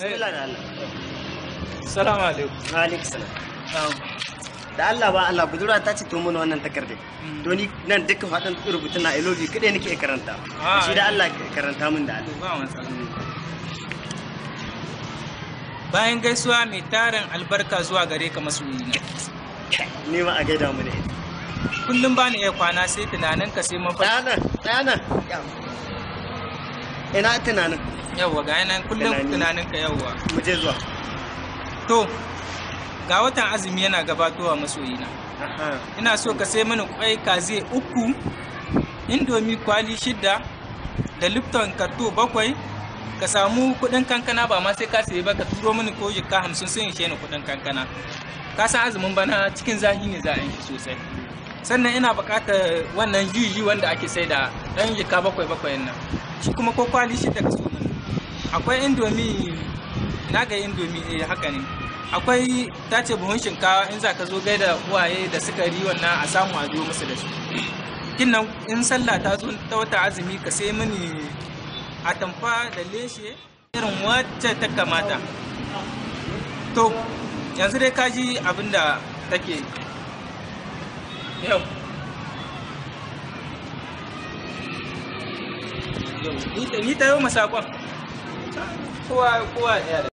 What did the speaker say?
Allah da Allah alaikum alaikum salam da Allah ba Allah budura ta ce to mana wannan takardar hmm. to ni nan duka faɗin rubutun na ilobi kaɗai nake karanta ah, shi da Allah karanta min da Allah bayan gaisuwa mai tarin albarka zuwa gare ka masoyina ni ma a gaida mu ne kullum bani iya kwana sai tunanin ka sai mafarki ɗana ɗana ina tunanin yawwa ga yanayin kullum tunanin ka yawwa mu zuwa to ga watan azumi yana gabatowa masoyina ina so ka sai mini kwai kaze uku indomi kwali shida da lipton karto bakwai ka samu kudin kankana ba ma sai ka sayi ba ka turo mini ko jikka hamsin sun ishe ni kudin kankana ka san azumin bana cikin zahi ne za a yi sosai sannan ina buƙatar wannan juji wanda ake sai da ɗan jika bakwai bakwai nan shi kuma ko kwali shi daga mana. akwai indomi na ga indomi eh haka ne akwai ta ce buhun shinkawa in za ka zo da uwaye da suka sukari wannan a samu a biyo musu da su kinnan in sallah ta zo ta wata azumi ka sai mini atamfa da leshe irin wacce ta kamata to yanzu dai kaji abinda take ni ta yi wa